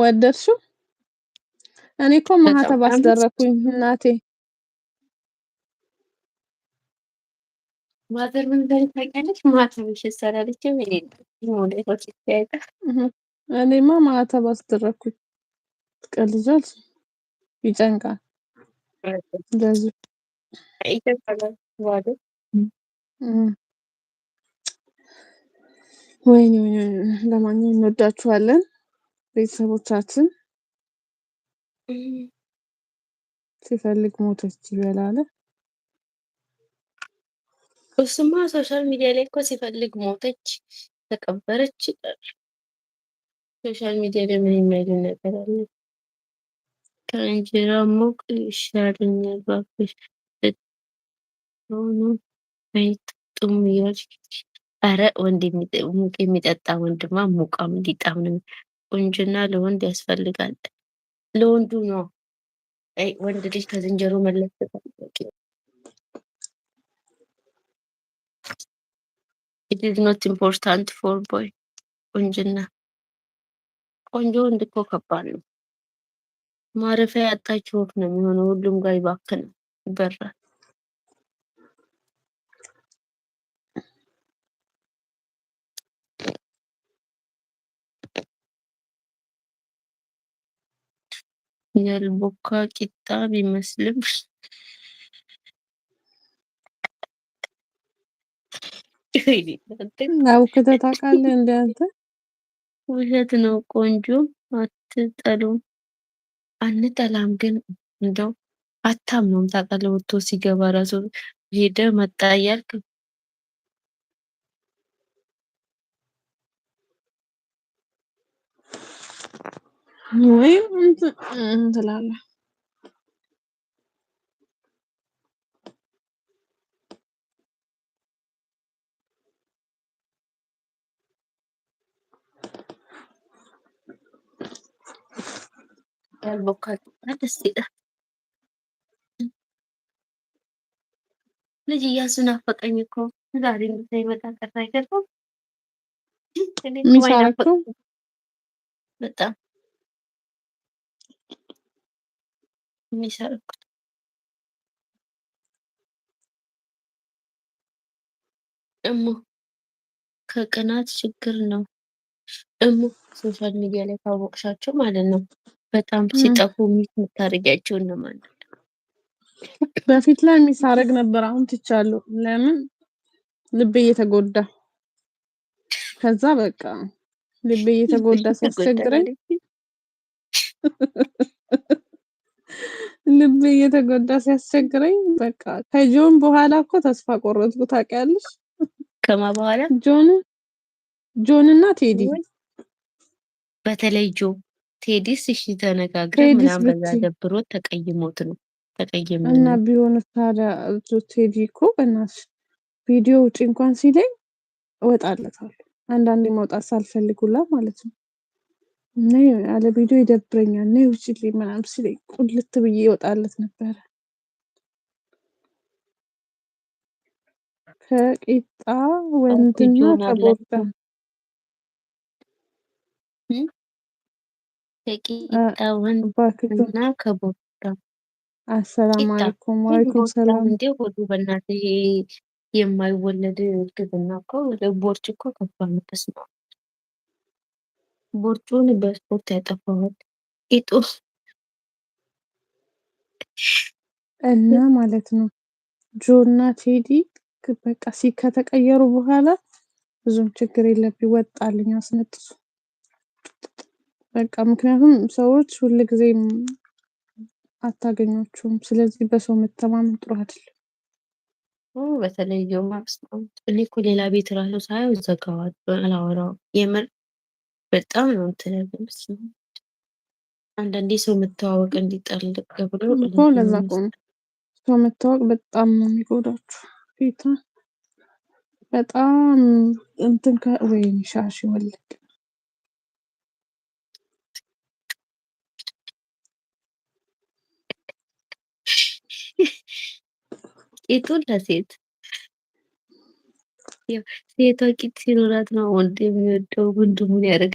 ወደድሽው? እኔ እኮ ማህተብ አስደረኩኝ እናቴ። ማዘር ምን እንደሆነ ታውቂያለሽ? ማህተብ ይሸሰላለች። እኔማ ማህተብ አስደረኩኝ። ትቀልጃለሽ። ይጨንቃል። ለዚህ ወይኔ ለማንኛውም እንወዳችኋለን ቤተሰቦቻችን። ሲፈልግ ሞቶች ይበላል። እሱማ ሶሻል ሚዲያ ላይ እኮ ሲፈልግ ሞተች፣ ተቀበረች ይላል። ሶሻል ሚዲያ ላይ ምን የሚያገኝ ነገር አለ? ከእንጀራ ሞቅ ይሻለኛል ባክሽ፣ ሆኑ አይጥጡም እያልሽ ኧረ ወንድ ሙቅ የሚጠጣ ወንድማ ሙቃም ሊጣም ነው። ቁንጅና ለወንድ ያስፈልጋል። ለወንዱ ነው። ወንድ ልጅ ከዝንጀሮ መለስ ኢት ኢዝ ኖት ኢምፖርታንት ፎር ቦይ። ቁንጅና ቆንጆ ወንድ እኮ ከባድ ነው። ማረፊያ ያጣችሁ ወፍ ነው የሚሆነው። ሁሉም ጋር ይባክናል፣ ይበራል። ያልቦካ ቂጣ ቢመስልም አቡክተ ታውቃለህ? እንደ አንተ ውሸት ነው። ቆንጆ አንጠላም፣ ግን እንደው አታምነውም። ታውቃለህ ወጥቶ ሲገባ ራሱ ሄደ መጣ እያልክ ወይ እንትላለን ልጅ እያሱ ናፈቀኝ እኮ ዛሬ እንደዛ ይመጣ ቀርታ አይገርም በጣም የሚሰርቁት። እሙ ከቅናት ችግር ነው። እሙ ሶሻል ሚዲያ ላይ ካወቅሻቸው ማለት ነው በጣም ሲጠፉ ሚት የምታደርጊያቸው እነማን? በፊት ላይ የሚሳረግ ነበር፣ አሁን ትቻለሁ። ለምን ልቤ እየተጎዳ ከዛ በቃ ልቤ እየተጎዳ ሲያስቸግረኝ ልብ እየተጎዳ ሲያስቸግረኝ በቃ ከጆን በኋላ እኮ ተስፋ ቆረጥኩ። ታውቂያለሽ? ከማ በኋላ ጆን ጆን እና ቴዲ በተለይ ጆ ቴዲስ እሺ፣ ተነጋግረ ምናምን በዛ ደብሮት ተቀይሞት ነው ተቀይሞ እና ቢሆን ታዲያ ቴዲ እኮ በእናትሽ ቪዲዮ ውጪ እንኳን ሲለኝ እወጣለታለሁ። አንዳንዴ መውጣት ሳልፈልጉላ ማለት ነው እና አለም ሄዶ ይደብረኛል፣ ነይ ምናምን ሲለኝ ቁልት ብዬ ይወጣለት ነበረ። ከቂጣ ወንድና ከቦርጣ ከቂጣ ወንድና አሰላም አለይኩም። ሰላም። እንዴ በእናትህ የማይወለድ እርግዝና እኮ ቦርጭ እኮ ከባድ ነው። ቦርጩን በስፖርት ያጠፋሁት ቂጡ እና ማለት ነው። ጆ እና ቴዲ በቃ ሲ ከተቀየሩ በኋላ ብዙም ችግር የለብኝ ወጣልኝ አስነጥሱ በቃ ምክንያቱም ሰዎች ሁል ጊዜ አታገኟቸውም። ስለዚህ በሰው መተማመን ጥሩ አይደለም። በተለይ ማክስ እኔ እኮ ሌላ ቤት ራሱ ሳየው ዘጋዋል አላወራው የምር በጣም ነው እንትን ያለ አንዳንዴ ሰው መተዋወቅ እንዲጠልቅ ብሎ እኮ ለዛ እኮ ነው ሰው መተዋወቅ በጣም ነው የሚጎዳችሁ። ፊት በጣም እንትን ወይ ሻሽ ይወልቅ ቂጡን ለሴት ሴቷ ቂጥ ሲኖራት ነው ወንድ የሚወደው ወንድሙን ያደርጋል።